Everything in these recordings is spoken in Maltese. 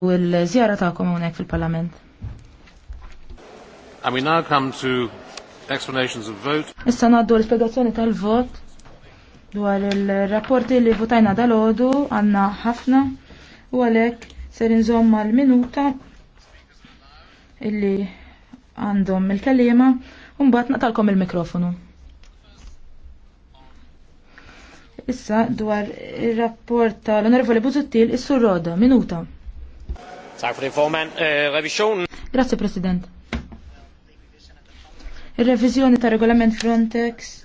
u l-żjara ta' komunek fil-Parlament. And we now come to explanations of vote. Issa ngħaddu l spiegazzjoni tal-vot dwar il-rapporti li votajna dal-ħodu għandna ħafna u għalhekk ser nżomma mal-minuta illi għandhom il-kelliema u mbagħad naqtalkom il-mikrofonu. Issa dwar ir-rapport tal-Onorevoli Buzuttil is-Surroda, minuta. Eh, Grazie, President. Il-revizjoni ta' regolament Frontex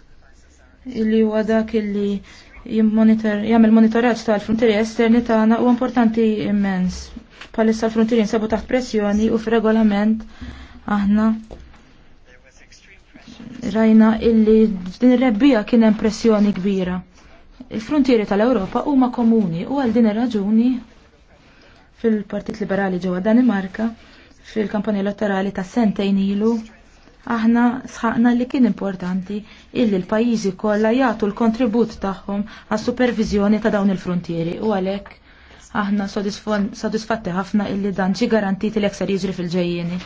li huwa dak li jagħmel monitoraġġ tal-frontieri esterni tagħna huwa importanti immens. Palissa l-frontieri nsabu taħt pressjoni u f'regolament aħna rajna illi din ir-rebbija kien hemm pressjoni kbira. Il-frontieri tal-Ewropa huma komuni u għal din ir-raġuni fil-Partit Liberali ġewwa Danimarka fil-kampanja elettorali ta' sentejn ilu aħna sħaqna li kien importanti illi l-pajjiżi kollha jagħtu l-kontribut tagħhom għas-supervizjoni ta' dawn il-frontieri u għalhekk aħna sodisfatti ħafna illi dan ġi garantiti li ser jiġri fil-ġejjieni.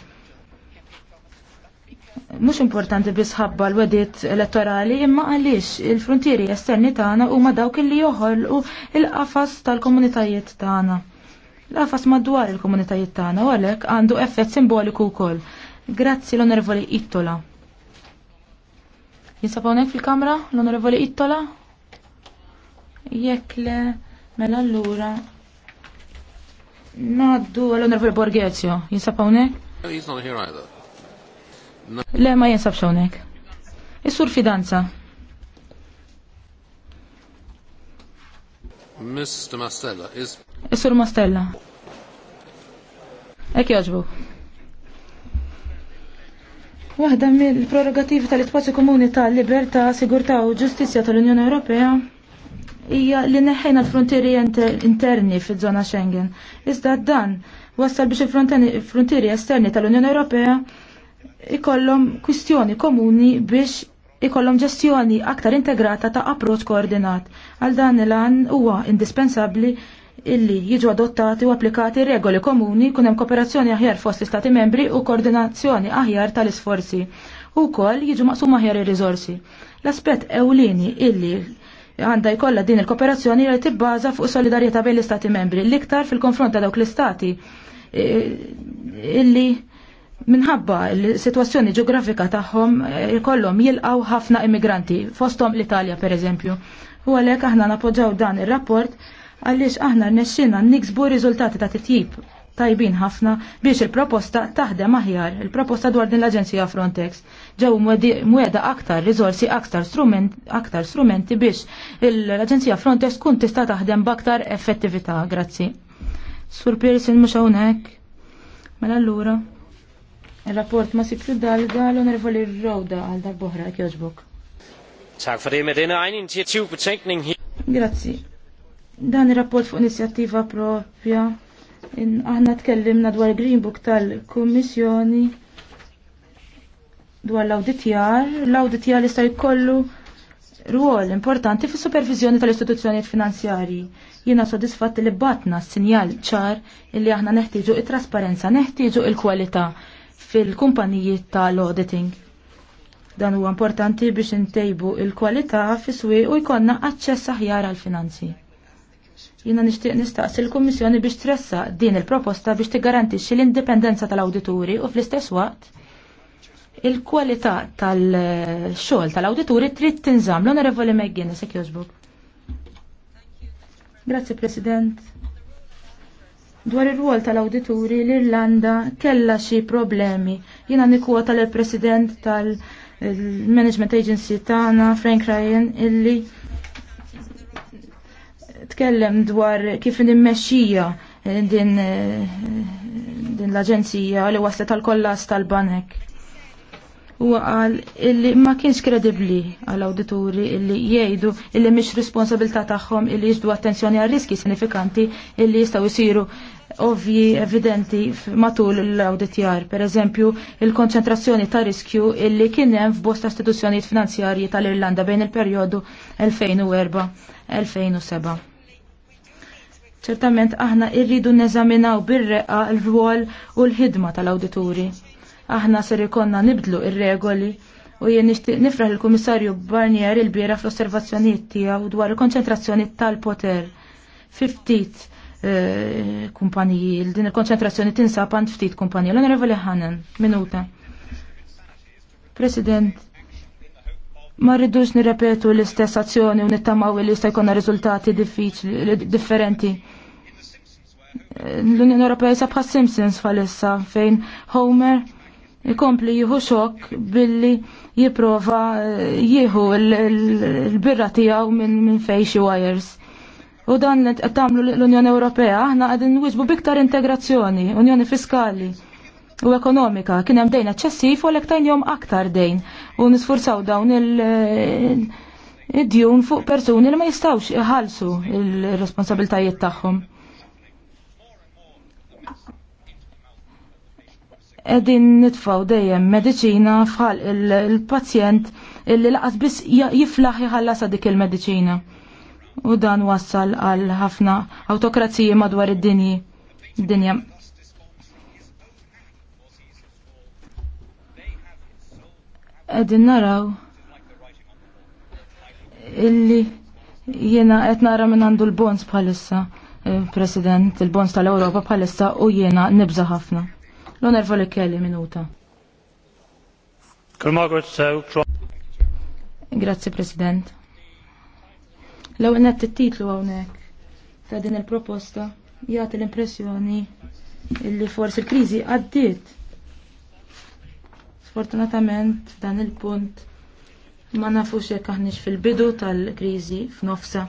Mhux importanti biss ħabba l-wedit elettorali imma għaliex il-frontieri esterni tagħna huma dawk illi joħolqu il-qafas tal-komunitajiet tagħna. L-għafas madwar il-komunitajiet tagħna u għalhekk għandu effett simboliku wkoll. Grazzi l-Onorevoli Ittola. Jinsab hawnhekk fil-kamra l-Onorevoli Ittola? Jekk le mela allura. Naddu l-Onorevoli Borghezio, jinsab hawnhekk? Le ma jinsabx hawnhekk. Is-sur fidanza. Mr. Mastella, is... Isur Mastella. Ek joġbu. Waħda mill-prerogativi tal-Ispazju Komuni tal-Libertà, Sigurtà u Ġustizzja tal-Unjoni Ewropea hija li neħħejna l-frontieri interni fiż-żona Schengen. Iżda dan wasal biex il-frontieri esterni tal-Unjoni Ewropea ikollhom kwistjoni komuni biex ikollhom ġestjoni aktar integrata ta' approċ koordinat. Għal dan il-għan huwa indispensabbli illi jiġu adottati u applikati regoli komuni kun hemm kooperazzjoni aħjar fost l-Istati membri u koordinazzjoni aħjar tal-isforzi. U kol jiġu maqsum aħjar ir rizorsi L-aspett ewlini illi għanda jkollha din il-kooperazzjoni li tibbaża fuq solidarjetà bejn l-istati membri, l-iktar fil-konfront ta' dawk l-istati eh, illi minħabba l-situazzjoni ġeografika tagħhom eh, kollhom jilqgħu ħafna immigranti fosthom l-Italja pereżempju. U għalhekk aħna napoġġaw dan ir-rapport għaliex aħna rnexxina niksbu riżultati ta' titjib tajbin ħafna biex il-proposta taħdem aħjar, il-proposta dwar din l-Aġenzija Frontex. Ġew mweda aktar riżorsi, aktar, strument, aktar strumenti biex l-Aġenzija Frontex tkun tista' taħdem b'aktar effettività. Grazzi. Sur Pearson mhux hawnhekk. Mela allura. Il-rapport ma siklu dal-ga l-onorevoli Rawda għal għak joġbuk. Tak for det med denne egen initiativbetænkning Grazzi. Dan ir-rapport fuq inizjattiva propja. Aħna tkellimna dwar Green Book tal-Kummissjoni dwar l-auditjar. L-auditjar jista' jkollu rwol importanti fis supervizjoni tal-istituzzjonijiet finanzjarji. Jiena sodisfatti li batna s-sinjal ċar illi aħna neħtieġu it-trasparenza, neħtieġu il-kwalità. il il kwalità fil-kumpaniji tal-auditing. Dan huwa importanti biex intejbu il-kwalità fis-swieq u jkollna aċċess aħjar għall-finanzi. Jiena nixtieq nistaqsi l-Kummissjoni biex tressa din il-proposta biex tigarantixxi l-indipendenza tal-awdituri u fl-istess waqt il-kwalità tal-xogħol tal-awdituri trid tinżamm l-Onorevoli McGuinness jekk Grazie Grazzi President. Dwar ir-rwol tal-awdituri l-Irlanda kellha xi problemi. Jiena nikwota l president tal-Management Agency tagħna Frank Ryan illi tkellem dwar kif nimmexxija din din l-aġenzija li waslet tal-kollas tal-banek. U qal illi ma kienx kredibbli għal awdituri illi jgħidu illi mhix responsabilità tagħhom illi jiġdu attenzjoni għal riski sinifikanti illi jistgħu jsiru Ovvi evidenti matul l-auditjar, per eżempju il-konċentrazzjoni ta' riskju illi kienem f'bosta istituzzjonijiet finanzjarji tal-Irlanda bejn il-perjodu 2004-2007. Ċertament aħna irridu neżaminaw bir-reqa l-rwol u l-ħidma tal-awdituri. Aħna ser ikonna nibdlu ir-regoli u jien nixtieq nifraħ il-Kummissarju Barnier il-biera fl-osservazzjonijiet tiegħu dwar il-konċentrazzjoni tal-poter. Fiftit kumpaniji, din il-konċentrazzjoni tinsab għand ftit kumpaniji. L-Onorevoli Hannan, minuta. President, ma rridux nirrepetu l-istess azzjoni u nittamaw li jista' jkollna riżultati differenti. L-Unjoni Ewropea jisabħa Simpsons falissa fejn Homer ikompli jieħu xok billi jipprova jieħu l-birra tiegħu minn fejn xi wires U dan qed tagħmlu l-Unjoni Ewropea aħna qegħdin wisbu biktar integrazzjoni, Unjoni Fiskali u ekonomika kien hemm dejn eċċessiv u l-ektajn jom aktar dejn u nisfurzaw dawn il-djun eh, fuq persuni li ma jistawx iħallsu il-responsabiltajiet tagħhom. Qegħdin nitfaw dejjem mediċina fħal il-pazjent li laqas biss jiflaħ jħallas dik il-mediċina. il medicina il mediċina u dan wassal għal ħafna autokrazija madwar id-dinji dinja. Edin naraw illi jiena qed nara minn għandu l-bonds bħalissa, eh, President, il bons tal-Ewropa bħalissa u jiena nibża ħafna. L-onerva li kelli minuta. Grazie, President. Law għennet it-titlu għawnek ta' din il-proposta jgħat l-impressjoni illi forsi l-krizi għaddit. Sfortunatament f'dan il-punt ma nafux jekk aħniex fil-bidu tal-krizi f'nofsa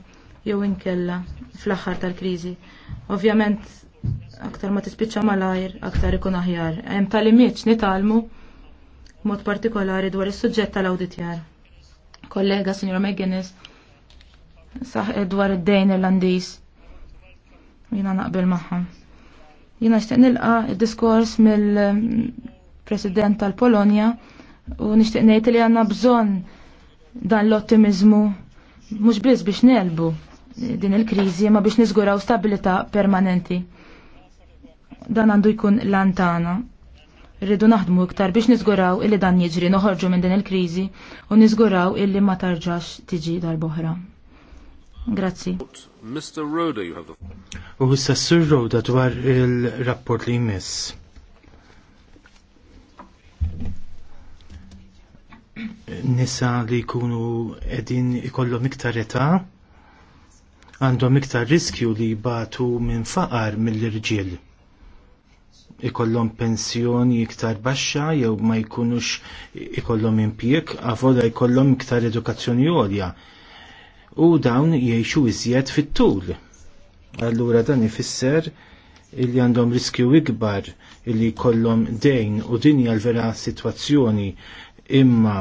jew inkella fl-aħħar tal-krizi. Ovvjament aktar ma tispiċċa malajr, aktar ikun aħjar. Hemm tal-imiet nitalmu mod partikolari dwar is-suġġett tal-awditjar. Kollega, Sinjor McGuinness, saħ dwar id-dejn irlandiż. Jina naqbel magħhom. Jina xtieq nilqa' diskors mill-President tal-Polonja u nixtieq ngħid li għandna bżonn dan l-ottimizmu mhux biss biex nelbu din il-kriżi ma biex niżguraw stabilità permanenti. Dan għandu jkun lantana rridu naħdmu iktar biex niżguraw illi dan jiġri noħorġu minn din il-kriżi u niżguraw illi ma tarġax tiġi dal-boħra. Grazzi. Mr. Roda, you have the U s-sassur Roda dwar il-rapport li jmiss. Nisa li kunu edin ikollhom iktar età għandhom iktar riskju li batu minn faqar mill-irġiel. Ikollhom pensjoni iktar baxxa jew ma jkunux ikollhom impjek, għavoda jkollhom iktar edukazzjoni għolja u dawn jgħixu iżjed fit-tul. Allura dan ifisser illi għandhom riskju ikbar illi kollhom dejn u dinja l-vera situazzjoni imma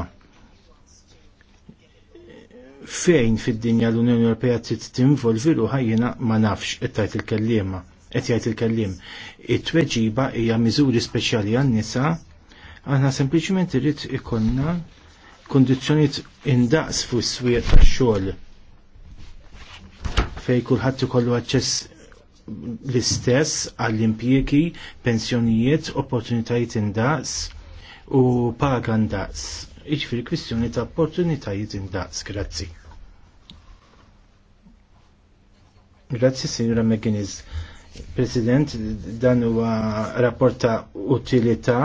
fejn fid-dinja l-Unjoni Ewropea trid tinvolviru ħajjina ma nafx qed tajt il-kelliema qed jgħid il-kellim. It-tweġiba hija miżuri speċjali għan-nisa, aħna sempliċement irrid ikollna kundizzjonijiet indaqs fuq is-swieq tax-xogħol fej kulħadd ikollu aċċess l-istess għall-impjiegi, pensjonijiet, opportunitajiet indaqs u paga indaqs. Iġifieri kwistjoni ta' opportunitajiet indaqs, grazzi. Grazzi, signora McGinnis, President, dan huwa rapport ta' utilità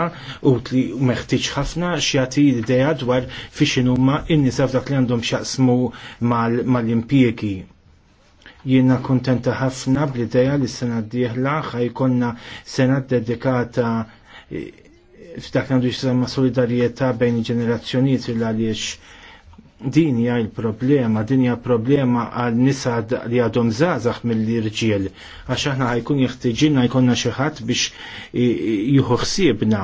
u li meħtieġ ħafna x'jagħti idea dwar fi x'inhuma in-nisa f'dak li għandhom x'jaqsmu mal-impjiegi Jiena kontenta ħafna bl-ideja li sena d-dieħla ħajkonna sena dedikata e, f'dak għandu jisema solidarieta bejn ġenerazzjoniet il għaliex din hija l-problema, din hija problema għal nisa li għadhom zazax mill-irġiel għax aħna ħajkun jeħtieġilna jkollna xi ħadd biex jieħu ħsiebna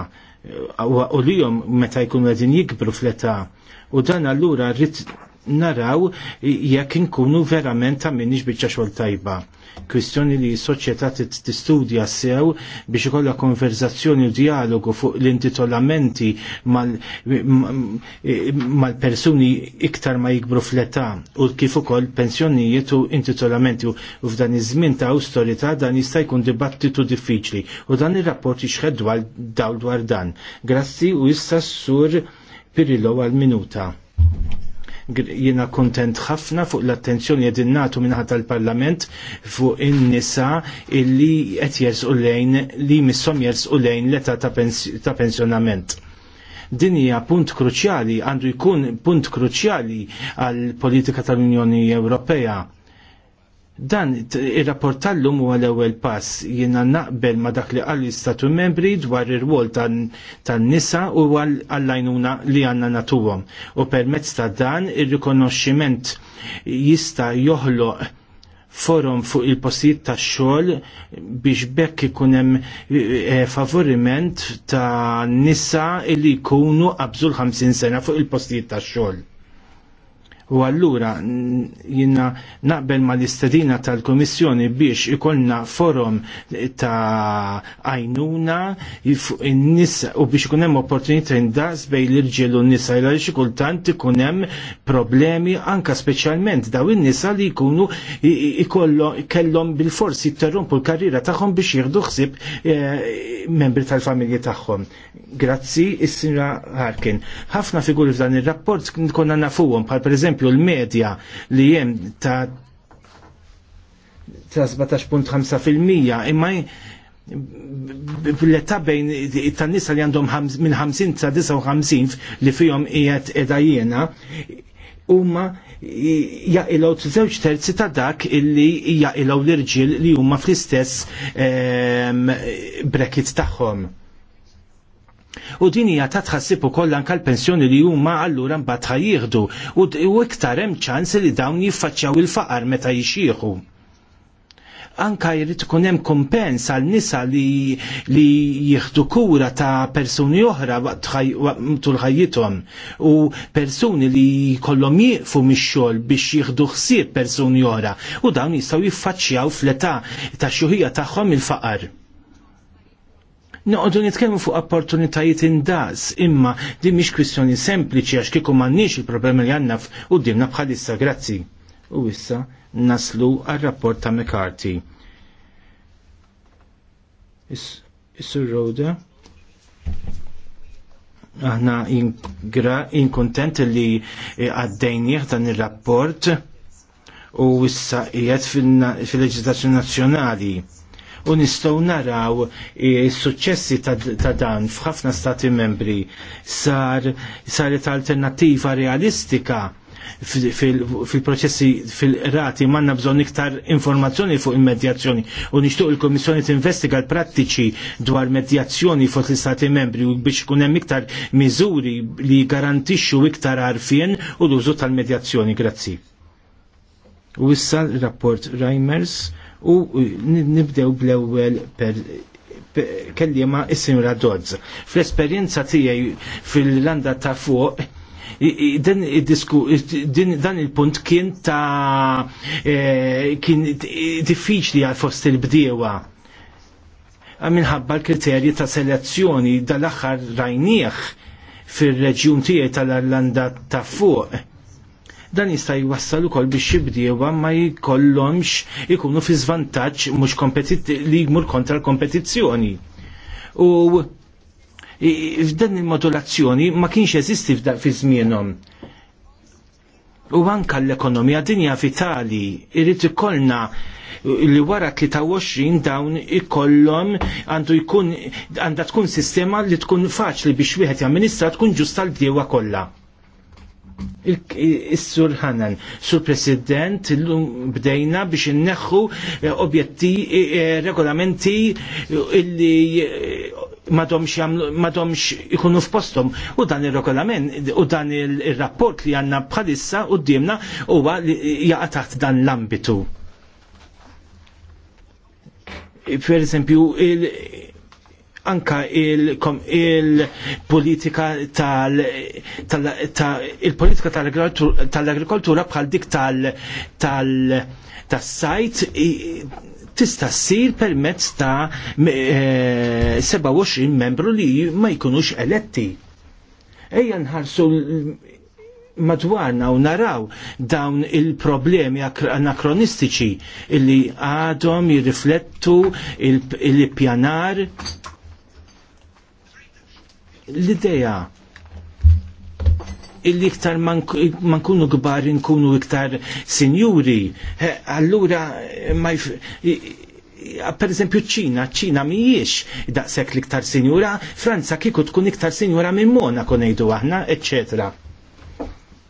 u li meta jkunu qegħdin jikbru fl-età u dan allura rrid naraw jekk inkunu verament ta' minix biċċa xogħol tajba. Kwistjoni li s-soċjetà tistudja sew biex ikollha konverzazzjoni u dialogu fuq l-intitolamenti mal-persuni iktar ma jikbru fl-età u kif ukoll pensjonijiet u intitolamenti u f'dan iż-żmien ta' awstorità dan jista' jkun dibattitu diffiċli u dan ir-rapport jixħed dwar dawl dwar dan. Grazzi u issa s-sur Pirillo għal-minuta. Jiena kontent ħafna fuq l-attenzjoni qegħdin nagħtu minħat tal-Parlament fuq in-nisa illi qed jersqu lejn li missom u lejn l-età ta' pensjonament. Din hija punt kruċjali, għandu jkun punt kruċjali għall politika tal-Unjoni Ewropea Dan ir-rapport tal-lum huwa l-ewwel pass jiena naqbel ma dak li qal l-Istatu Membri dwar ir wol tan-nisa u għall-għajnuna li għandna natuwom. U permezz ta' dan ir-rikonoxximent jista' joħloq forum fuq il-postijiet ta' xogħol biex bekk ikun hemm e, favoriment ta' nisa li jkunu għabżul 50 sena fuq il-postijiet ta' xogħol. U allura jina naqbel ma l-istedina tal-Komissjoni biex ikollna forum ta' għajnuna nisa u biex ikun hemm opportunità indaqs bejn l-irġiel u n-nisa il għaliex kultant ikun hemm problemi anka speċjalment daw in-nisa li jkunu kellhom bil-forsi jitterrumpu l-karriera tagħhom biex jieħdu xsib eh, membri tal-familji tagħhom. Grazzi, is-Sinra Harkin. Ħafna figuri f'dan ir-rapport konna nafuhom bħal preżempju, eżempju l-medja li jem ta' ta' 17.5% imma bil-età bejn tan-nisa li għandhom minn 50 sa 59 li fihom qiegħed qiegħda jiena huma jaqilgħu żewġ terzi ta' dak illi jaqilgħu l-irġiel li huma fl-istess ehm, brekit tagħhom. U din hija ta' tħassib ukoll anke l-pensjoni li huma allura mbagħad jieħdu u iktar hemm ċans li dawn jiffaċċjaw il-faqar meta jixieħu. Anka jrid ikun hemm kumpens għal nisa li, li jieħdu kura ta' persuni oħra tul ħajjithom u persuni li kollhom jieqfu mix-xogħol biex jieħdu ħsieb persuni oħra u dawn jistgħu jiffaċċjaw fl-età ta' xuħija tagħhom il-faqar noqogħdu nitkellmu fuq opportunitajiet indaż imma din mhix kwistjoni sempliċi għax kieku m'għandniex il-problemi li għandna qudiemna bħalissa, grazzi. U issa naslu għar-rapport ta' McCarthy. Is-Sur Roda? aħna inkontent in li eh, għaddejnieħ dan il-rapport u issa qiegħed fil-leġislazzjoni nazzjonali u nistgħu naraw is-suċċessi ta' dan f'ħafna stati membri sar saret alternattiva realistika fil-proċessi fil-rati manna bżon iktar informazzjoni fuq il-medjazzjoni u nixtuq il-Komissjoni tinvestiga l-prattiċi dwar medjazzjoni fuq l-Istati membri u biex kun hemm iktar miżuri li garantixxu iktar arfien u l-użu tal-medjazzjoni. Grazzi. U issa rapport Reimers u nibdew bl-ewwel per kellima is-sinjura Dodds. Fl-esperjenza tiegħi fil-landa ta' fuq din dan il-punt kien ta' e, kien diffiċli għal fost il-bdiewa minħabba l-kriterji ta' selezzjoni dal-axar rajnieħ fil-reġjun tiegħi tal-Irlanda ta' fuq Dan jista' jwassal ukoll biex xibdiewa ma jkollhomx ikunu fi żvantaġġ mhux li jmur kontra l-kompetizzjoni. U f'dan il-modulazzjoni ma kienx eżisti fi żmienhom. U anka l-ekonomija dinja vitali irrid ikollna li wara 23 dawn ikollhom għandu jkun għandha tkun sistema li tkun faċli biex wieħed jamministra tkun ġusta l-bdiewa kollha. Is-Sur Hanan, Sur President, l-lum bdejna biex inneħħu eh, objetti, eh, eh, regolamenti illi madomx ikunu f'postom. U dan il-regolament, u dan il-rapport li għanna bħalissa u d-dimna u jaqa taħt dan l-ambitu. Per eżempju, anka il-politika il tal-politika tal, tal, agrikoltura bħal dik tal-sajt tal, tista' ssir permezz ta' 27 eh, membru li ma jkunux eletti. Ejja nħarsu madwarna u naraw dawn il-problemi anakronistiċi illi għadhom jirriflettu il-pjanar il pjanar l-ideja illi iktar ma nkunu kbar nkunu iktar sinjuri, allura ma per eżempju ċina, ċina mijiex daqsek liktar sinjura, Franza kiku tkun iktar sinjura minn mona konejdu aħna, eccetera.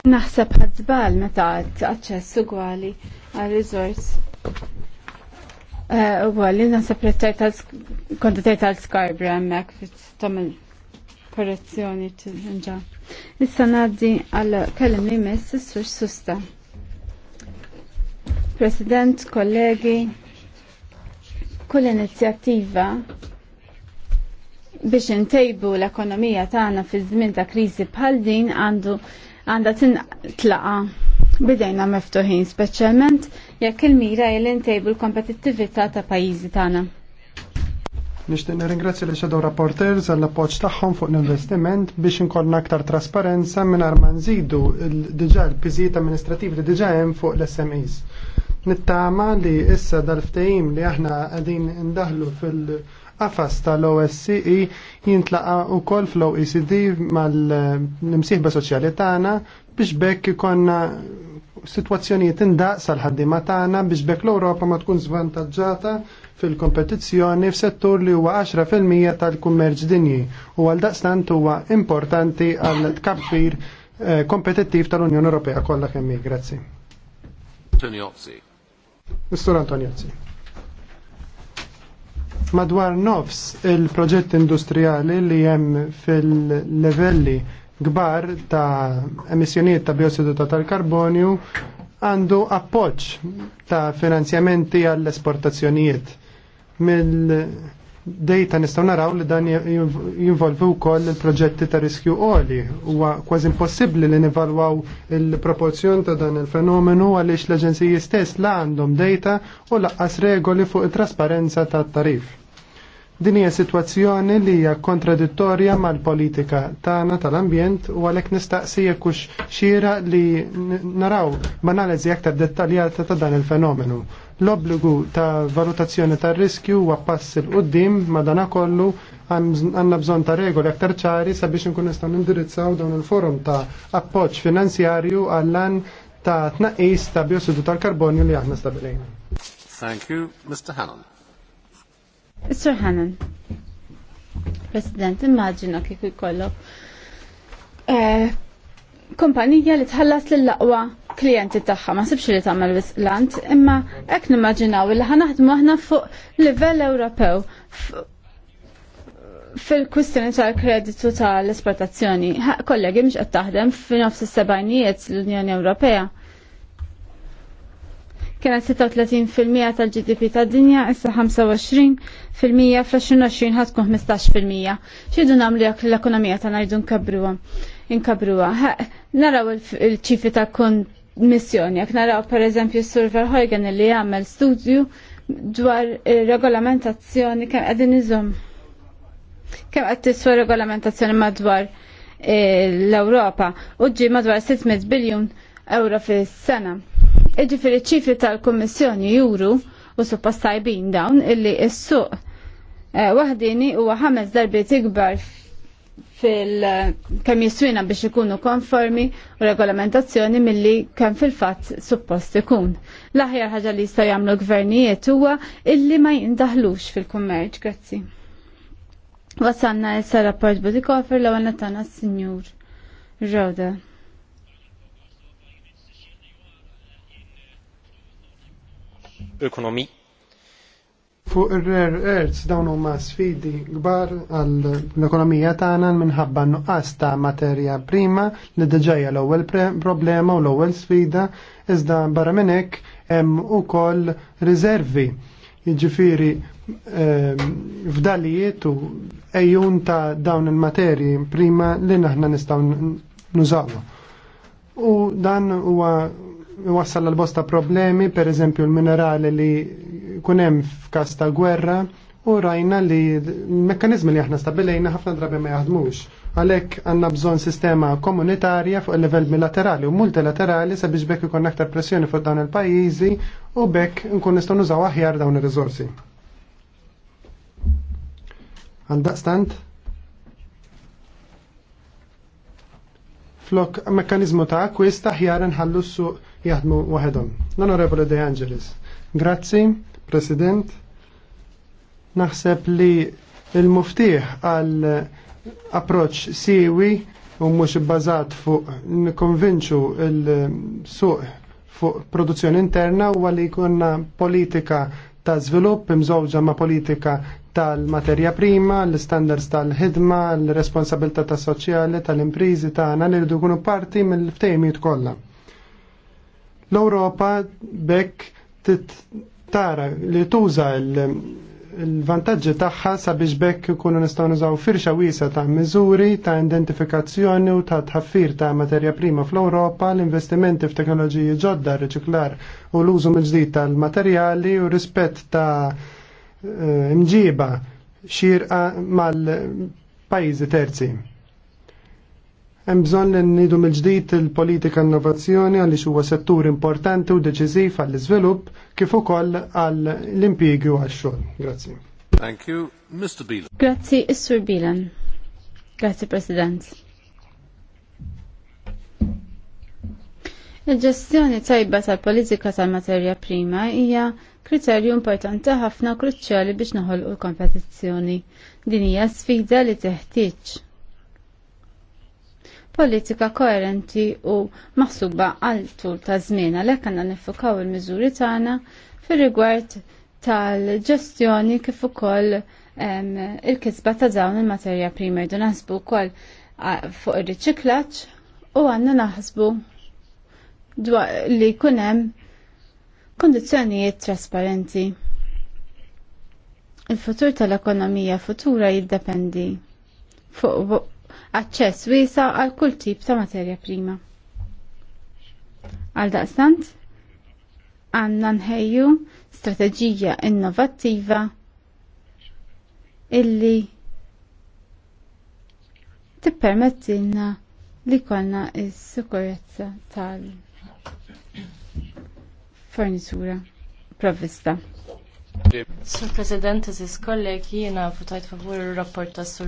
Naħseb ħadżbal meta għad aċċess għali għal resorts. Eh, ugwali naħseb rettajt għal kontatajt għal skarbra emmek fit-tamil korrezzjoni tinġa. Issa naddi għal kellim li mess s-sur susta. President, kollegi, kull inizjattiva biex intejbu l-ekonomija tagħna fi żmien ta' kriżi bħal din għandu għandha tintlaqa bidejna meftuħin, speċjalment jekk il-mira li ntejbu l-kompetittività ta' pajjiżi tagħna. Nixtieq nirringrazzja li xedew rapporters għall appoġġ tagħhom fuq l-investiment biex inkollna aktar trasparenza mingħajr ma nżidu diġà l-piżijiet amministrativi li diġà hemm fuq l-SMEs. Nittama li issa dal ftajim li aħna qegħdin ndaħlu fil-qafas tal-OSCE jintlaqa wkoll fl-OECD mal-imsieħba soċjali tagħna biex bekk konna situazzjonijiet indaqs għal ħaddiema tagħna biex bekk l-Ewropa ma tkun żvantaġġata fil-kompetizzjoni f'settur li huwa 10% tal-kummerġ dinji u għal daqstant huwa importanti għal tkabbir eh, kompetittiv tal-Unjoni Ewropea kollha kemm Grazzi. Antonjozzi. Mistur Antonjozzi. Madwar nofs il-proġett industrijali li hemm fil-levelli gbar ta' emissjonijiet ta' biossidu ta' tal-karbonju għandu appoċ ta' finanzjamenti għall-esportazzjonijiet. Mill-dejta nistaw naraw li dan jinvolvi wkoll il-proġetti ta' riskju oli. Huwa kważi impossibbli li nivalwaw il-proporzjon ta' dan il-fenomenu għaliex l-aġenziji stess la' għandhom dejta u laqqas regoli fuq it-trasparenza ta' tarif. Din hija sitwazzjoni li hija kontradittorja mal-politika tagħna tal-ambjent u għalhekk nistaqsi hux xira li naraw b'analiżi aktar dettaljata ta' dan il-fenomenu. L-obbligu ta' valutazzjoni tar riskju huwa pass il qudiem madanakollu għandna bżonn ta' regoli aktar ċari sabiex inkun nistgħu nindirizzaw dawn il-forum ta' appoġġ finanzjarju għall-an ta' tnaqqis ta' biossidu tal-karbonju li aħna stabilejna. Thank you, Mr. Hannon. Sir Hannan, President, immaġina kif ikollok eh, kumpanija li tħallas lill laqwa klijenti tagħha ma sibx li tagħmel wislant, imma hekk nimmaġinaw li ħanaħdmu aħna fuq livell Ewropew fil-kwistjoni tal-kreditu tal-esportazzjoni. Kollegi mhux qed taħdem f'nofs is-sebgħinijiet l-Unjoni Ewropea kienet 36% tal-GDP tad-dinja, issa 25% fl-2020 ħatkun 15%. Xidu namlu jak l-ekonomija ta' ngħidu nkabruha. Inkabruha. Naraw il-ċifi ta' kommissjoni, jekk naraw pereżempju s-Sur Verhoeven li jagħmel studju dwar regolamentazzjoni kemm qegħdin iżom. Kemm qed tiswa regolamentazzjoni madwar eh, l-Ewropa u ġi madwar 600 biljun euro fis-sena Iġifiri ċifri tal-Kommissjoni juru u suppost dawn illi s-suq eh, waħdini huwa ħames darbiet ikbar fil kemm jiswina biex ikunu konformi u regolamentazzjoni milli kemm fil-fatt suppost ikun. L-aħjar ħaġa li jista' jagħmlu gvernijiet huwa illi ma jindaħlux fil-kummerċ, grazzi. Wasanna issa rapport Budikofer l-għanna tagħna s-Sinjur Roda. ekonomi. Fuq ir-rare earths dawn huma sfidi kbar għall-ekonomija tagħna minħabba nuqqas ta' materja prima li diġejja l-ewwel problema u l-ewwel sfida iżda barra minn hekk hemm ukoll riservi. Jiġifieri ehm, f'dalijiet u ejjun ta' dawn il-materji prima li naħna nistgħu nużawha. U dan huwa wassal għal bosta problemi, per eżempju l-minerali li kunem f'kas ta' gwerra, u rajna li l-mekkanizmi li aħna stabilejna ħafna drabi ma jaħdmux. Għalek għanna bżon sistema komunitarja fuq il-level bilaterali u multilaterali sabiex bekk ikon aktar pressjoni fuq dawn il-pajjiżi u bekk nkun nistgħu nużaw aħjar dawn ir-riżorsi. Għandaqstant? Flok mekkanizmu ta' akwist aħjar nħallu s-suq jaħdmu waħedhom. l honorable De Angelis. Grazzi, President. Naħseb li il-muftiħ għal approċ siwi u mhux bazat fuq nikkonvinċu il-suq fuq produzzjoni interna u għalli konna politika ta' zvilupp imżewġa ma' politika tal-materja prima, l-standards tal-ħidma, l responsabilta ta' soċjali, tal-imprizi tagħna li rridu jkunu parti mill-ftejmijiet kollha. L-Europa bekk tara li tuża l-vantaġġi tagħha sabiex bekk ikunu nistgħu nużaw firxa wiesa ta' miżuri ta' identifikazzjoni u ta' tħaffir ta' materja prima fl-Ewropa, l-investimenti f'teknoloġiji ġodda, riċiklar u l-użu mill-ġdid tal-materjali u rispett ta' eh, mġiba xirqa mal-pajjiżi terzi. Hemm bżonn li nnidu mill-ġdid il-politika innovazzjoni għaliex huwa settur importanti u deċiżiv għall-iżvilupp kif ukoll għall-impjiegi u għax-xogħol. Grazzi. Thank you, Mr. Bilan. Grazzi, is Bielan. Bilan. Grazzi, President. Il-ġestjoni tajba tal-politika tal-materja prima hija kriterju importanti ħafna kruċjali biex noħolqu l-kompetizzjoni. Din hija sfida li teħtieġ politika koerenti u maħsuba għal tul ta' żmien għalhekk għandna nifukaw il-miżuri tagħna fir-rigward tal-ġestjoni kif ukoll il-kisba ta' dawn il-materja prima jdu naħsbu wkoll fuq ir-riċiklaġġ u għandna naħsbu li jkun hemm kondizzjonijiet trasparenti. Il-futur tal-ekonomija futura jiddependi fuq aċċess wiesa għal kull tip ta' materja prima. Għal daqstant, għanna nħejju strateġija innovattiva illi tippermettilna li konna il sikurezza tal-fornitura provvista. Sur President, eżis kolleg. Jiena votajt favur il-rapport ta' Sur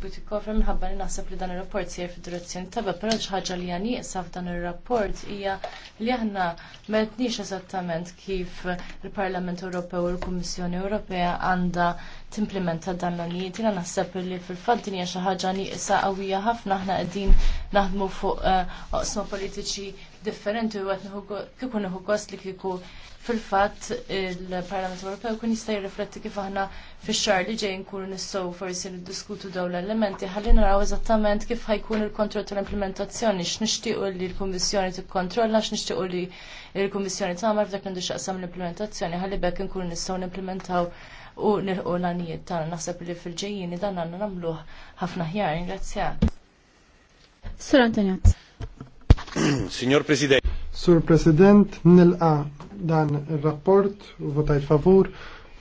Butikov, minħabba li naħseb li dan il-rapport sjer fil-direzzjoni taba, pero ħaġa li għani f'dan il-rapport hija li aħna metnix eżattament kif il-Parlament Ewropew u l-Kummissjoni Ewropea għandha timplementa dan l-għanijiet. Jena naħseb li fil-fat din hija xi ħaġa nieqsa qawwija ħafna aħna qegħdin naħdmu fuq eh, oqsma politiċi differenti u għet nieħu gost li kieku fil-fatt il-Parlament Ewropew kun jista' jirrifletti kif aħna fix-xahar li ġej nkunu nistgħu forsi niddiskutu dawn l-elementi ħalli naraw eżattament kif ħajkun il-kontroll tal-implementazzjoni x'nixtiequ li l-Kummissjoni tikkontrolla x'nixtiequ li l-Kummissjoni tagħmel f'dak li xaqsam l-implementazzjoni ħalli bekk inkunu nistgħu nimplementaw u nilqu l-għanijiet tagħna naħseb li fil-ġejjini dan għandna nagħmluh ħafna ħjar ingrazzjat. Sur Antonjat. Signor President. Sur President, nilqa dan ir rapport u votajt favur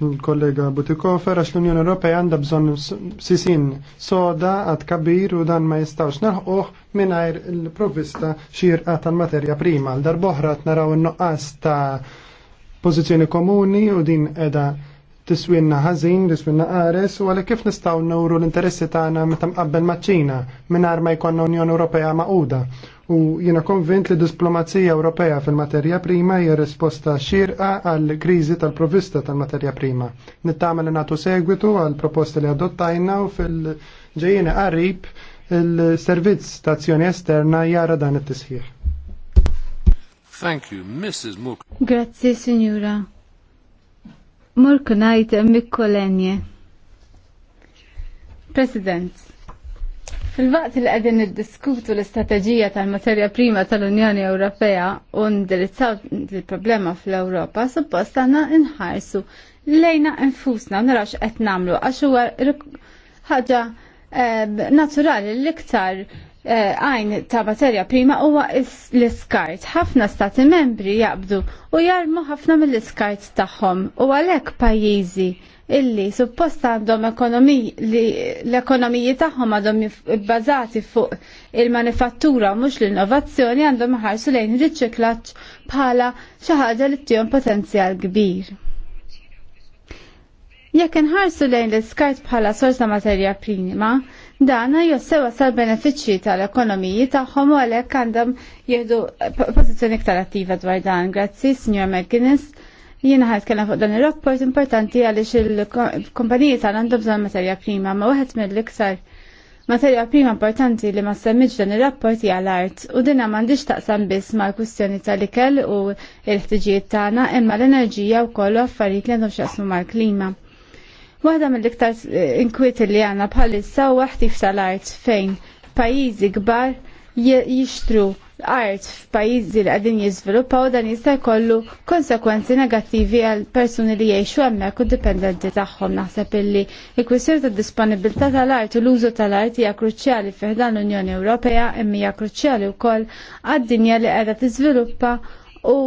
l-kollega Butikofer għax l-Unjoni Ewropea għandha bżonn sisin soda għad kabir u dan ma jistawx naħquh mingħajr il-provvista xirqa tal-materja prima. L-darboħra naraw in noqqas ta' pożizzjoni komuni u din edha tiswinna ħażin, tiswinna qares, u għalhekk kif nistgħu nuru l-interessi tagħna meta mqabbel maċ-Ċina mingħajr ma jkollna Unjoni Ewropea maquda. U jiena konvint li diplomazija Ewropea fil-materja prima hija risposta xirqa għal kriżi tal-provista tal-materja prima. Nittama li nagħtu segwitu għal proposti li adottajna u fil-ġejjeni qarib il-servizz stazzjoni esterna jara dan it-tisħiħ. Thank you, Mrs. Mook. Grazie, signora. Murkunajt Mikkolenje. President, fil-waqt li qegħdin niddiskutu l-istrateġija tal-materja prima tal-Unjoni Ewropea u ndirizzaw il-problema fl-Ewropa, suppost għandna nħarsu lejna nfusna narax qed nagħmlu għax huwa ħaġa eh, naturali l-iktar Eh, għajn ta' materja prima huwa l-iskart. Ħafna stati membri jaqbdu u jarmu ħafna mill-iskart tagħhom u għalhekk pajjiżi illi suppost għandhom l-ekonomiji tagħhom għadhom bbażati fuq il-manifattura mhux l-innovazzjoni għandhom ħarsu lejn riċiklaġġ bħala xi ħaġa li tihom potenzjal kbir. Jekk inħarsu lejn l-iskart bħala sors ta' materja prima, Dana jossewa sal-benefiċċji tal-ekonomiji tagħhom u għalhekk għandhom jieħdu pożizzjoni iktar attiva dwar dan. Grazzi, Signor McGuinness. Jiena ħad kellem fuq dan ir-rapport importanti għaliex il-kumpaniji tagħna għandhom bżonn materja prima, ma waħed mill-iktar Materja prima importanti li ma semmiġ dan ir-rapport hija l-art u dinha m'għandix taqsam biss mal-kwistjoni tal-ikel u l-ħtiġijiet tagħna imma l-enerġija wkoll affarijiet li għandhom x'jaqsmu mal-klima. Waħda mill-iktar eh, inkwiet li għanna bħalissa u waħti tal-art fejn pajizi kbar jixtru art f'pajizi li għadin u dan jista' jkollu konsekwenzi negattivi għal persuni li jgħixu hemmhekk u dipendenti tagħhom. Naħseb illi l kwissir ta' disponibilità tal-art u l-użu tal-art hija kruċjali fiħdan l-Unjoni Ewropea imma hija kruċjali wkoll għad-dinja li qiegħda tiżviluppa u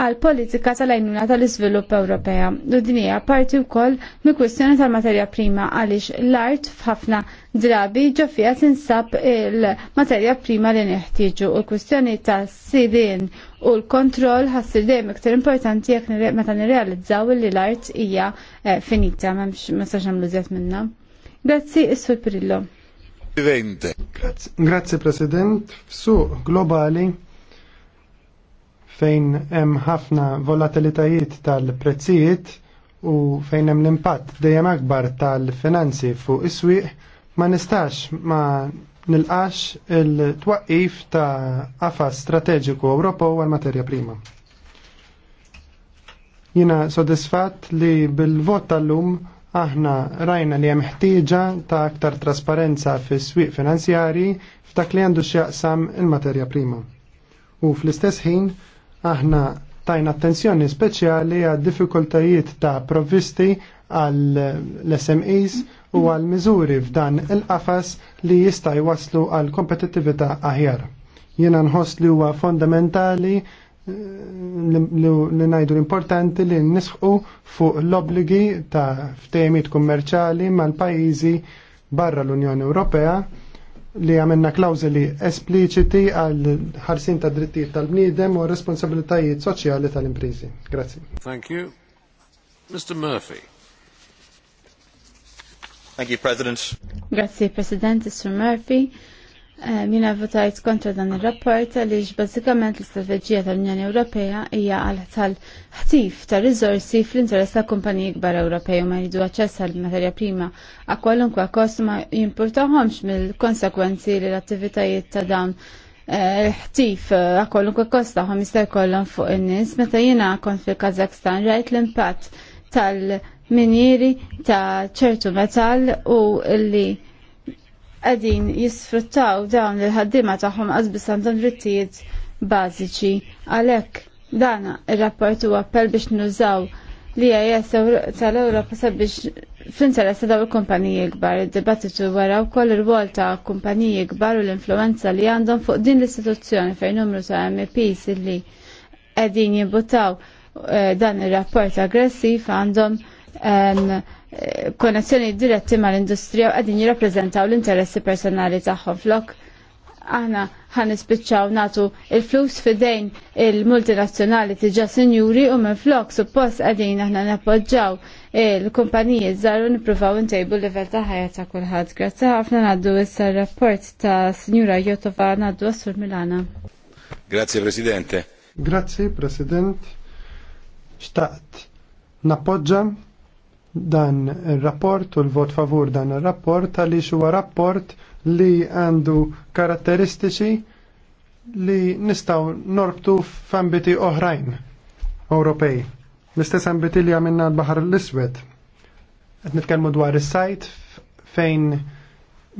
għal politika tal-għajnuna tal izvilup Ewropea. U dinija parti wkoll mi kwestjoni tal-materja prima għaliex l-art f'ħafna drabi ġofija tinsab il-materja prima li neħtieġu u l-kwestjoni tal sidin u l-kontroll ħassir dejjem iktar importanti jekk meta nirrealizzaw li l-art hija eh, finita m'hemmx ma sax nagħmlu żjed minnha. Grazzi is-Sur Pirillo. Grazie President. Su globali fejn hemm ħafna volatilitajiet tal-prezzijiet u fejn hemm l-impatt dejjem akbar tal-finanzi fuq is-swieq ma nistax ma nilqax il-twaqqif ta' qafas strateġiku Ewropew għal materja prima. Jina sodisfatt li bil-vot tal-lum aħna rajna li hemm ħtieġa ta' aktar trasparenza fis-swieq finanzjari f'dak li għandu x'jaqsam il-materja prima. U fl-istess ħin Aħna tajna attenzjoni speċjali għad diffikultajiet ta' provvisti għall smes u għal miżuri f'dan il-qafas li jista' jwaslu għal kompetittività aħjar. Jiena nħoss li huwa fondamentali eh, li najdu l-importanti li nisħu fuq l-obligi ta' ftejmiet kummerċali mal-pajizi barra l-Unjoni Ewropea li għamilna klawżoli espliciti għal ħarsin ta' drittijiet tal-bniedem u responsabilitajiet soċjali tal-imprizi. Grazie. Thank you. Mr. Murphy. Thank you, President. Grazie, President, Mr. Murphy. Jina votajt kontra dan il-rapport li bazzikament l-istrateġija tal-Unjoni Ewropea hija għal tal-ħtif ta' rizorsi fl-interess ta' kumpaniji kbar Ewropej u ma jridu aċċess għal materja prima a kwalunkwe kost ma jimpurtahomx mill-konsekwenzi li l-attivitajiet ta' dawn eh, ħtif eh, a kwalunkwe kost taħom jista' jkollhom fuq in-nies meta jiena kont fil-Kazakstan rajt l-impatt tal-minjeri ta' ċertu metall u li għadin jisfruttaw dawn il-ħaddima taħħom għazbis għandhom drittijiet bażiċi. Għalek, dana il-rapport u biex nużaw li għajas tal-Europa sabiex fl-interess daw il-kumpaniji gbar, il-dibattitu wara u koll il-wol ta' kumpaniji gbar u l-influenza li għandhom fuq din l-istituzzjoni fejn numru ta' MPs li għedin jibbutaw eh, dan il-rapport aggressiv għandhom konnessjoni diretti mal-industrija u għadin jirrapprezentaw l-interessi personali tagħhom flok. Aħna ħan nispiċċaw natu il-flus fidejn il-multinazzjonali tiġa sinjuri u minn flok suppost għadin aħna nappoġġaw il-kumpaniji żaru nippruvaw intejbu l-livell ta' ħajja ta' kulħadd. Grazzi ħafna ngħaddu issa r-rapport ta' Sinjura Jotova ngħaddu għasur Milana. Grazie Presidente. Grazie President. Xtaqt. Nappoġġa dan il-rapport u l-vot favur dan il-rapport għaliex huwa rapport li għandu karatteristiċi li nistaw norbtu f'ambiti oħrajn Ewropej. L-istess ambiti li għamilna l-Bahar l-Iswed. Qed nitkellmu dwar is-sajt fejn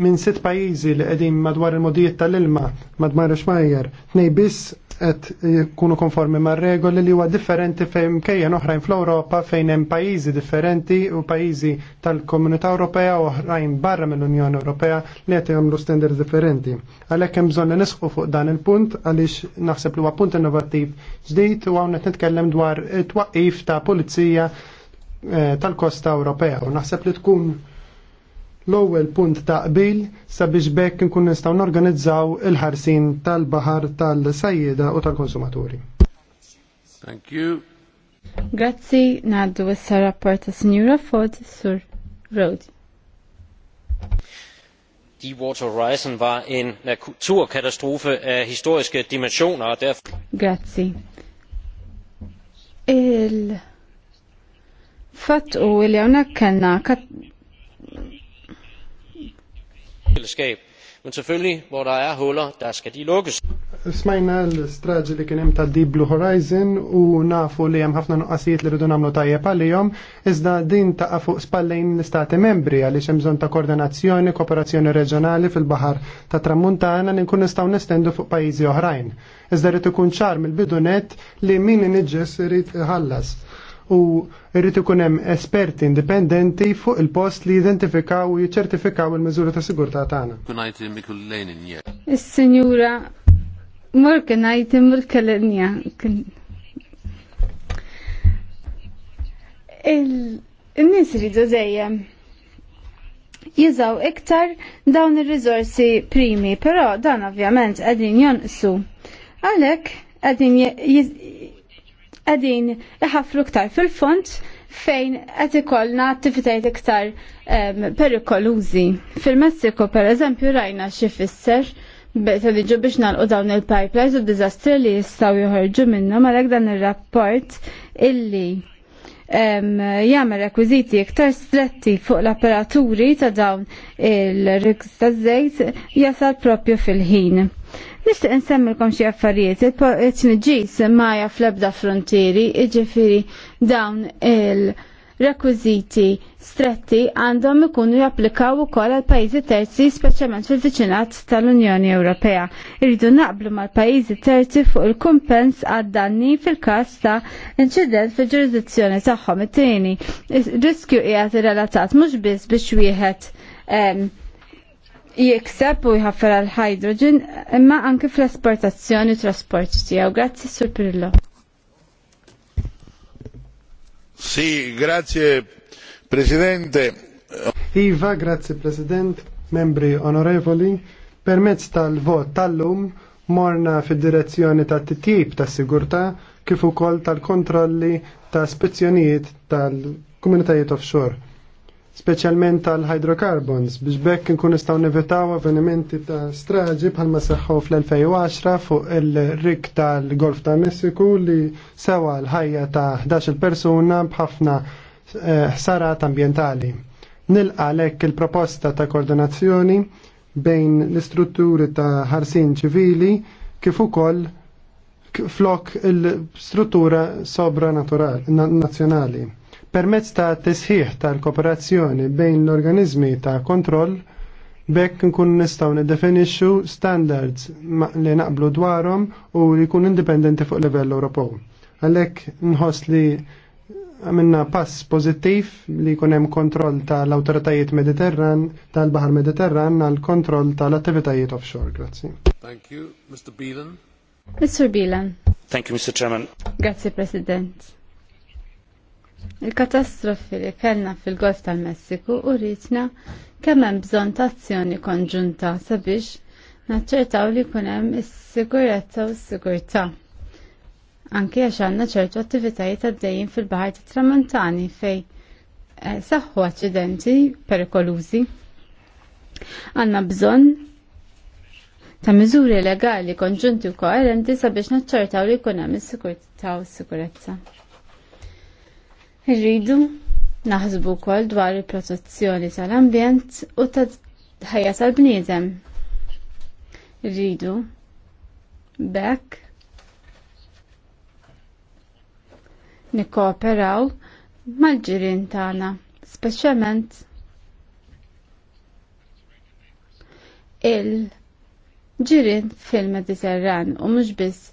minn sitt pajjiżi li qegħdin madwar il-modijiet tal-ilma madwar ix-xmajjer, tnej biss qed kunu konformi mar regoli li huwa differenti fejn kejjen oħrajn fl-Ewropa fejn hemm pajjiżi differenti u pajjiżi tal-Komunità Ewropea u oħrajn barra mill-Unjoni Ewropea li qed jagħmlu standards differenti. Għalhekk hemm bżonn nisħu fuq dan il-punt għaliex naħseb li huwa punt innovattiv ġdid u hawn qed nitkellem dwar it-twaqqif ta' pulizija eh, tal-Kosta Ewropea u naħseb li tkun l-ewwel punt ta' qbil sabiex bekk nkun nistgħu norganizzaw il-ħarsin tal-baħar tal-sajjeda u tal-konsumaturi. Thank you. Grazzi ngħaddu issa rapporta Sinjura Fod sur Road. Deepwater Horizon var en naturkatastrofe af historiske dimensioner og derfor... Grazie. Il... Fatt u li għonek kanna Men selvfølgelig, hvor der er huller, der skal Smajna l-straġi li kienem ta' Deep Blue Horizon u nafu li jem ħafna nuqqasijiet li rridu namlu tajjeb għalihom, iżda din ta' fuq spallejn l-istati membri għaliex hemm bżonn ta' koordinazzjoni, kooperazzjoni reġjonali fil-baħar ta' tramuntana li nkun nistgħu nestendu fuq pajjiżi oħrajn. Iżda rrid ikun ċar mill-bidu li min iniġġes irid ħallas u irrid ikun hemm esperti indipendenti fuq il-post li jidentifikaw u jiċċertifikaw il-miżuri ta' sigurtà tagħna. Is-Sinjura Morkenajt Mulkelenja il-nis rridu dejjem jizaw iktar dawn ir rizorsi primi, però dan ovvjament qegħdin jonqsu. Għalhekk qegħdin għadin iħafru ktar fil-font fejn għati ikollna attivitajt iktar um, perikolużi. Fil-Messiko, per eżempju, rajna xifisser fisser li liġu biex nalqu dawn il-pipelines u dizastri li jistaw joħorġu minnu ma dan il-rapport illi um, jagħmel rekwiżiti iktar stretti fuq l-apparaturi ta' dawn il-rigs ta' jasal propju fil-ħin. Nista' nsemmilkom xi affarijiet, it-tniġis ma fl ebda frontieri, jiġifieri dawn il-rekwiżiti stretti għandhom ikunu japplikaw ukoll għal pajjiżi terzi speċjalment fil-viċinat tal-Unjoni Ewropea. Irridu naqblu mal-pajjiżi terzi fuq il-kumpens għad danni fil-każ ta' inċident fil-ġurisdizzjoni tagħhom it-tieni. Riskju qiegħed irrelatat mhux biss biex wieħed jikseb u jħaffar għal hydrogen imma anke fl-esportazzjoni u trasport tiegħu. Grazzi Sur Pirillo. Sì, grazie Presidente. Iva, grazie President, membri onorevoli, permezz tal-vot tal-lum morna fil direzzjoni ta' titjib ta' sigurtà kif ukoll tal-kontrolli ta' spezzjonijiet tal-komunitajiet offshore specialment tal-hydrocarbons biex bekk nkun istaw nevitaw avvenimenti ta' straġi bħalma seħħu fl-2010 fuq il-rik tal-Golf ta' Messiku li sewa l-ħajja ta' 11 persuna bħafna eh, ħsarat ambientali. Nilqa lek il-proposta ta' koordinazzjoni bejn l-istrutturi ta' ħarsin ċivili kif ukoll flok il-struttura sobra nazzjonali permezz ta' tisħiħ tal-kooperazzjoni bejn l-organizmi ta' kontroll bekk nkun nistgħu niddefinixxu standards li naqblu dwarhom u li jkun indipendenti fuq livell Ewropew. Għalhekk nħoss li għamilna pass pożittiv li jkun hemm kontroll tal-awtoritajiet Mediterran tal-Baħar Mediterran għal kontroll tal-attivitajiet offshore. Grazzi. Thank you, Mr. Bielan. Mr. Bielan. Thank you, Mr. Chairman. Grazie, President. Il-katastrofi li kellna fil-Golf tal-Messiku u rritna kemm hemm bżonn ta' azzjoni konġunta sabiex naċċertaw li jkun hemm is-sigurezza u s-sigurtà. Anke għax għandna ċertu attivitajiet għaddejjin fil-Baħar tat-Tramuntani fej eh, saħħu aċċidenti perikolużi. Għandna bżonn ta' miżuri legali konġunti u koerenti sabiex naċċertaw li jkun hemm is-sigurtà u s-sigurezza. Irridu naħsbu kol dwar il-protezzjoni tal-ambjent u tal-ħajja tal-bniedem. Irridu bekk nikkooperaw mal-ġirien tagħna, speċjalment il-ġirien fil-Mediterran u mhux biss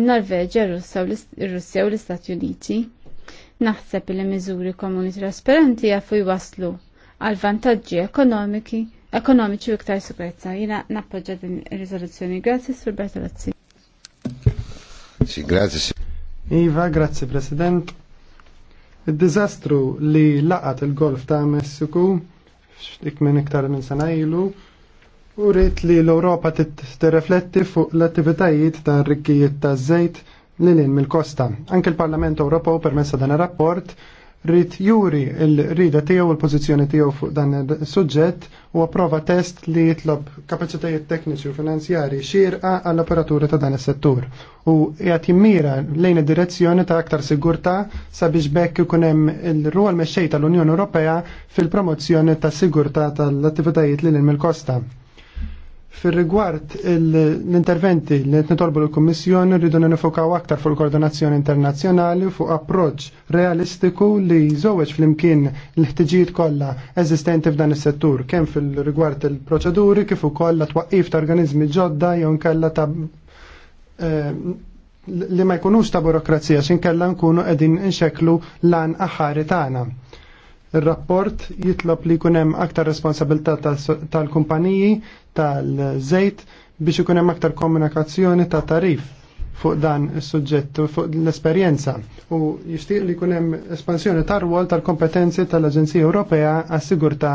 in-Norveġja, Russja u l-Istati Uniti. Naħseb li miżuri komuni trasparenti jafu jwaslu għal vantaġġi ekonomiki ekonomiċi u iktar sikurezza. Jina nappoġġa din ir-riżoluzzjoni. Grazzi, Sur Bertolazzi. Si, grazie. Iva, grazzi President. Il-dizastru li laqat il-golf ta' Messiku, dik minn iktar minn sena ilu, u rrit li l-Europa tirrefletti fuq l-attivitajiet ta' rikkijiet ta' zejt lilin mill-kosta. Anke l-Parlament Ewropew permessa dan ir-rapport rrit juri l rida tiegħu l-pożizzjoni tiegħu fuq dan is-suġġett u approva test li jitlob kapaċitajiet tekniċi u finanzjari xierqa għall operaturi ta' dan is-settur. U qiegħed jimmira lejn id-direzzjoni ta' aktar sigurtà sabiex bekk ikun hemm il-rwol mexxej tal-Unjoni Ewropea fil-promozzjoni ta' sigurtà tal-attivitajiet lilin mill-kosta. Fir rigward l-interventi li qed nitolbu l-Kummissjoni rridu nifokaw aktar fuq il-koordinazzjoni internazzjonali fuq approċċ realistiku li jżewweġ flimkien l-ħtiġijiet kollha eżistenti f'dan is-settur kemm fil-rigward il-proċeduri kif ukoll twaqqif ta' organizmi ġodda jew nkella ta' eh, li ma jkunux ta' burokrazija x'inkella nkunu qegħdin nxeklu lan aħari tagħna. Ir-rapport jitlob li jkun hemm aktar responsabilità tal-kumpaniji tal-żejt biex ikun hemm aktar komunikazzjoni ta' tarif fuq dan is-suġġett fuq l-esperjenza u jixtieq li jkun hemm espansjoni tar-rwol tal-kompetenzi tal-Aġenzija Ewropea għas-Sigurtà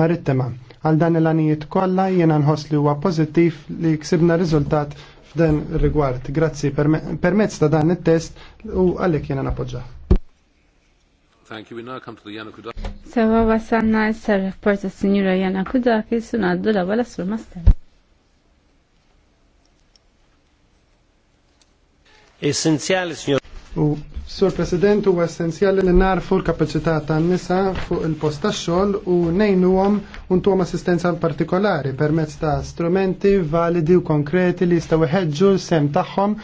Marittima. Għal dan il-għanijiet kollha jiena nħoss li huwa pożittiv li ksibna riżultat f'dan rigward. Grazzi permezz ta' dan it-test u għalhekk jiena nappoġġa. Thank you. We now come to the Sewa wasanna issa rapport Signora Jana Kudaki Suna la wala sur master. Essenzjali, signor. U, sur President, u essenzjali li narfu l-kapacità ta' nisa fuq il-post ta' xol u un untuhom assistenza partikolari permezz ta' strumenti validi u konkreti li jistgħu iħeġġu l-sem tagħhom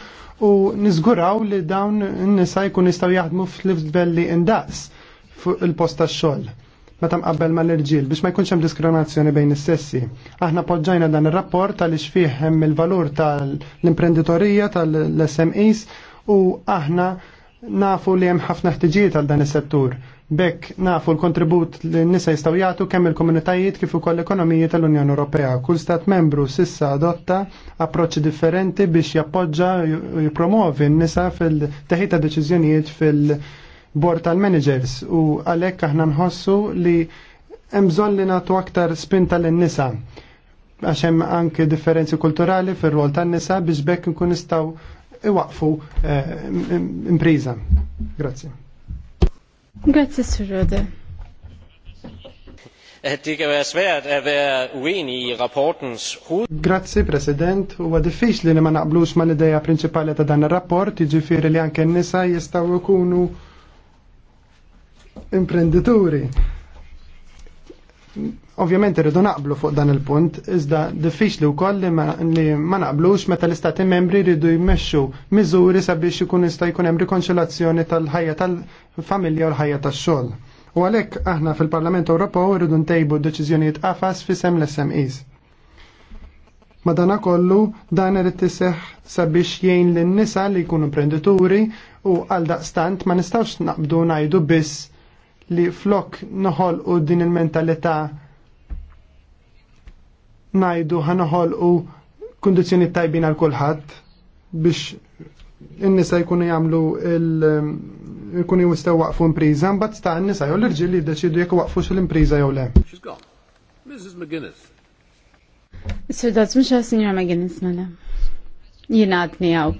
u niżguraw li dawn nisa jkun jistgħu jaħdmu fl belli indaqs fuq il-post tax xogħol meta mqabbel mal-irġiel biex ma jkunx hemm diskriminazzjoni bejn is-sessi. Aħna poġġajna dan ir-rapport għaliex fih hemm il-valur tal-imprenditorija tal-SMEs u aħna nafu li hemm ħafna ħtiġijiet għal dan is-settur. Bekk nafu l-kontribut li n-nisa jistaw jagħtu kemm il-komunitajiet kif ukoll l-ekonomija tal-Unjoni Ewropea. Kull stat membru sissa adotta approċċi differenti biex jappoġġa u jipromovi n-nisa fil-teħita deċiżjonijiet fil-, -teħita bord tal-managers u għalhekk aħna nħossu li hemm bżonn li nagħtu aktar spinta lin-nisa għax hemm anke differenzi kulturali fir-rol tan-nisa biex bekk nkun nistgħu iwaqfu eh, impriza. Grazzi. Grazzi Sir eh, Det kan være svært at være uenig i rapportens hoved... Grazie, President. Huwa diffiċli li ma naqblux mal l-ideja prinċipali ta' dan ir-rapport, jiġifieri li anke n-nisa jistgħu jkunu imprenditori. Ovvjament irridu naqblu fuq dan il-punt, iżda diffiċli wkoll li ma naqblux meta l-istati membri rridu jmexxu miżuri sabiex ikun jista' jkun hemm rikonċilazzjoni tal-ħajja tal-familja u l-ħajja tax-xogħol. U għalhekk aħna fil-Parlament Ewropew irridu ntejbu deċiżjonijiet qafas fisem l-SMEs. Madanakollu dan irid iseħħ sabiex jgħin lin-nisa li jkunu imprenditori u għal daqstant ma nistgħux naqbdu ngħidu biss li flok noħol u din il-mentalità najdu ħanħol u kondizjoni tajbin għal kulħadd biex n-nisa jkunu jagħmlu um, jkunu jistgħu waqfu impriza mbagħad sta n-nisa jgħu l-irġiel li deċidu jekk waqfux xil impriza jew le. Mrs. McGinnis. Mr. Dodds, mux Signora McGinnis, mela. Jina għaw,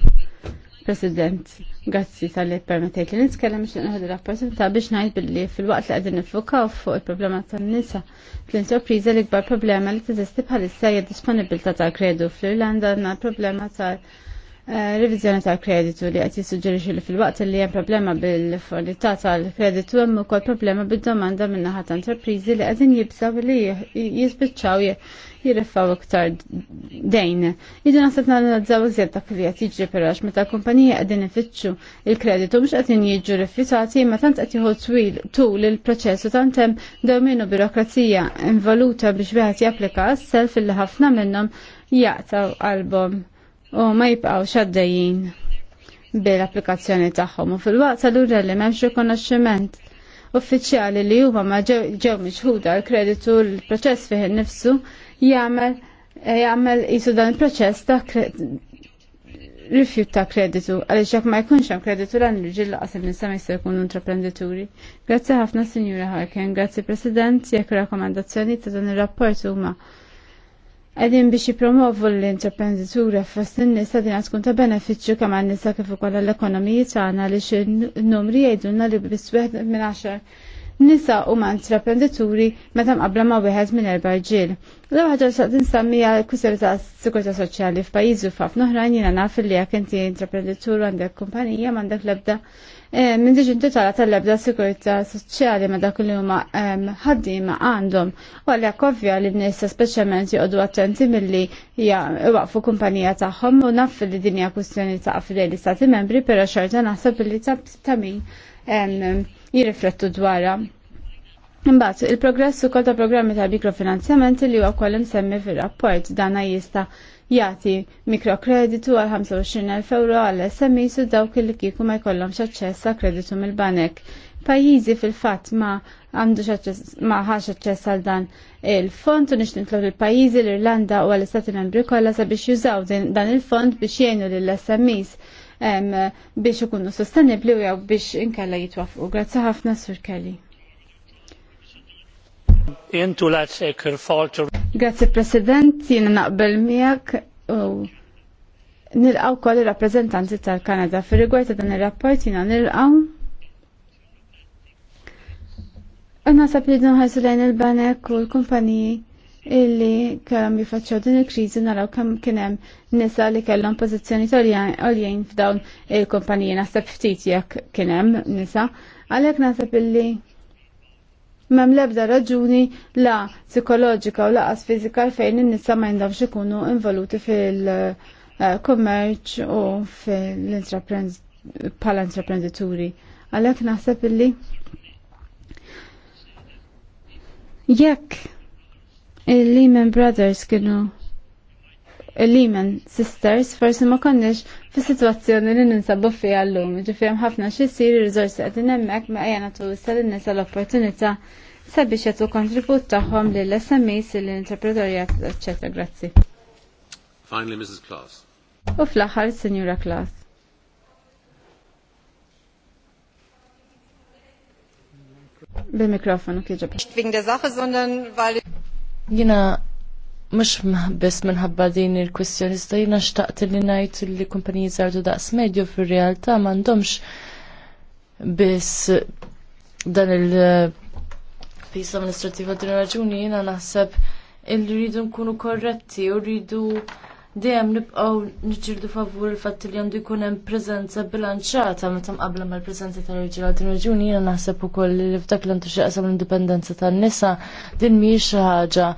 President. Grazzi tal-li permettejt li nitkellem biex nħadu l-opportunità biex ngħid billi fil-waqt li qegħdin nifukaw fuq il-problema tan-nisa fl-intrapriża l-ikbar problema li tiżisti bħalissa hija disponibilità tal-kredu fl-Irlanda għandna problema -tal Eh, revizjoni tal-kreditu li qed jissuġġerixxi li fil-waqt li hemm problema bil-fornità tal-kreditu hemm ukoll problema bid-domanda minn naħa ta' li qegħdin jibsaw li jispiċċaw jirrifaw iktar dejn. Jidu naħseb nanalizzaw iżjed dak li qed jiġri perax meta kumpanija qegħdin ifittxu il-kreditu mhux qegħdin jiġu rifjutati ma tant qed jieħu twil tul il-proċessu tant hemm dominu birokrazija involuta biex wieħed japplika s-self illi ħafna minnhom jaqtaw qalbhom u ma jibqgħux għaddejjin bil-applikazzjoni tagħhom u fil-waqt allura li m'hemmx rikonoxximent uffiċjali li huma ma ġew miċħuda l-kreditu l-proċess fih innifsu jagħmel jagħmel qisu dan il-proċess ta' rifjut ta' kreditu għaliex jekk ma jkunx hemm kreditu l ġil laqas il-nisa ma jista' jkunu intraprenditori. Grazzi ħafna Sinjura Harken, grazzi President, jekk rakkomandazzjoni ta' dan ir-rapport huma għedin biex jipromovu l-intraprenditura fost n-nisa din għatkun ta' beneficju kam għan nisa kif ukoll l-ekonomiji tagħna li x-numri jgħidulna li bis wieħed minn għaxar nisa u ma' intraprenditori meta mqabla ma' wieħed minn erba' ġil. L-ewwel ħaġa li saqt insammija l-kusser ta' sikurta soċjali f'pajjiżi u f'ħafna oħrajn jiena naf li jekk inti intraprenditur għandek kumpanija m'għandek l-ebda Eh, minn diġi la tal-ebda sikurita soċjali ma dak li huma ħaddiema għandhom. U għalhekk ovvja li n-nies speċjalment joqogħdu attenti milli waqfu kumpanija tagħhom u naffi li din hija kwistjoni ta' fidej l-istati membri, però xorta naħseb li ta' min jirriflettu dwarha. Imbagħad il-progress ukoll ta' programmi ta' mikrofinanzjament li huwa wkoll insemmi fir-rapport dana jista' jagħti mikrokreditu għal 25,000 euro għal SMEs u dawk li kieku ma jkollhomx aċċess għal kreditu mill-banek. Pajjiżi fil-fatt ma għandux ma ħax aċċess għal dan il-fond u nixtintlu l-pajjiżi l-Irlanda u għall-Istati Membri kollha sabiex jużaw dan il-fond biex jgħinu lill-SMEs biex ikunu sostenibli u jew biex inkella jitwafqu. Grazzi ħafna Sur Kelly. Grazie President, jiena naqbel miegħek u nilqaw ir il-rappresentanti tal-Kanada fir rigward ta' dan ir-rapport jiena nilqaw. Nasab li nħarsu lejn il-banek u l-kumpaniji illi kemm jifacċaw din il-kriżi naraw kemm kien hemm nisa li kellhom pożizzjoni għoljejn f'dawn il-kumpaniji naħseb ftit jekk kien hemm nisa, għalhekk naħseb illi Mem lebda raġuni la psikoloġika u laqas fizika fejn in-nisa ma jindawx ikunu involuti fil-kommerċ u fil-intraprenditori. Għalhekk naħseb illi jekk il men Brothers kienu Lehman Sisters forse ma konniex fi situazzjoni li ninsabu fija l-lum, ġifjem ħafna xie siri rizorsi għedin emmek ma għajna tu s nisa l-opportunita sabiex jatu kontribut taħħom li l-SMEs l-interpretorijat, etc. Grazzi. Finally, Mrs. Klaas. U fl-axar, Signora Klaas. Bil-mikrofonu kieġab. Jina mux biss minħabba din il-kwestjoni, iżda xtaqt li najt li kumpaniji zardu daqs medju fil-realtà mandomx biss dan il-pis amministrativa din raġuni jina naħseb il-ridu nkunu korretti u rridu dejjem nibqgħu niġġieldu favur il-fatt li għandu jkun hemm preżenza bilanċata meta mqabbla mal-preżenza tal-irġiel għal din raġuni jiena naħseb ukoll li f'dak li għandu x'jaqsam l-indipendenza tan-nisa din mhijiex xi ħaġa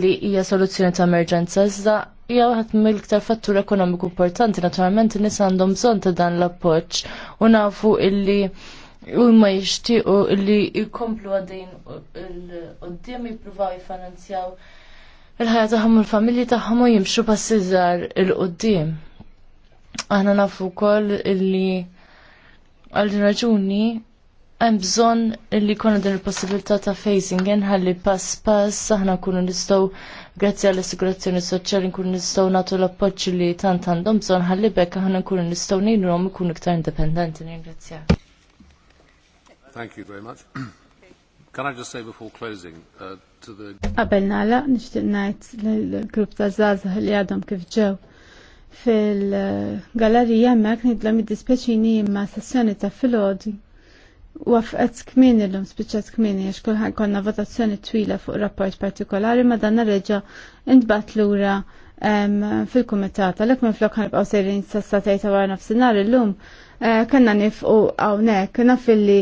li hija soluzzjoni ta' emerġenza iżda hija waħed mill-iktar fattur ekonomiku importanti naturalment in-nisa għandhom bżonn ta' dan l-appoġġ u nafu illi U ma jishtiqu li jkomplu għaddejn il-qoddim jipruvaw jifinanzjaw il-ħajja tagħhom u l-familji tagħhom u jimxu pass iżgħar il-qudiem. Aħna nafu wkoll illi għal raġuni hemm bżonn illi jkollna din il-possibilità ta' facing inħalli pass pass aħna nkunu nistgħu grazzi għall assigurazzjoni soċjali nkunu nistgħu nagħtu l-appoġġ li tant għandhom bżonn ħalli bekk aħna nkunu nistgħu ngħinuhom ikunu iktar indipendenti. Ringrazzjak. Thank you very much. Can I just say before closing uh, to the... Qabel nala, nishtiq najt l-grupp ta' zazah li għadhom kif ġew fil-galerija hemmhekk nidlhom id-dispeċini imma sessjoni ta' filgħodu Wafqet kmin illum spiċċat kmin għax kulħadd konna votazzjoni twila fuq rapport partikolari ma dan reġa' intbat lura fil-kumitat għalhekk minn flok ħanibqgħu sejrin sassa tgħid wara nofsinhar illum eh, kellna nifqu hawnhekk naf illi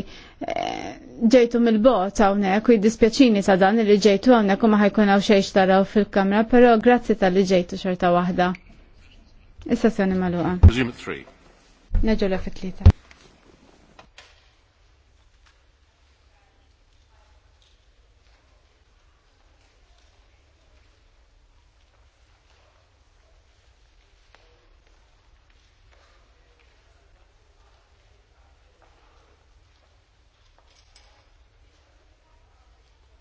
eh, ġejtu mill-bot hawnhekk u jiddispjaċini ta' dan li ġejtu hawnhekk u ma ħajkun hawn xejn taraw fil-kamra, però grazzi tal-li ġejtu xorta waħda. Is-sessjoni magħluqa. Neġġu fit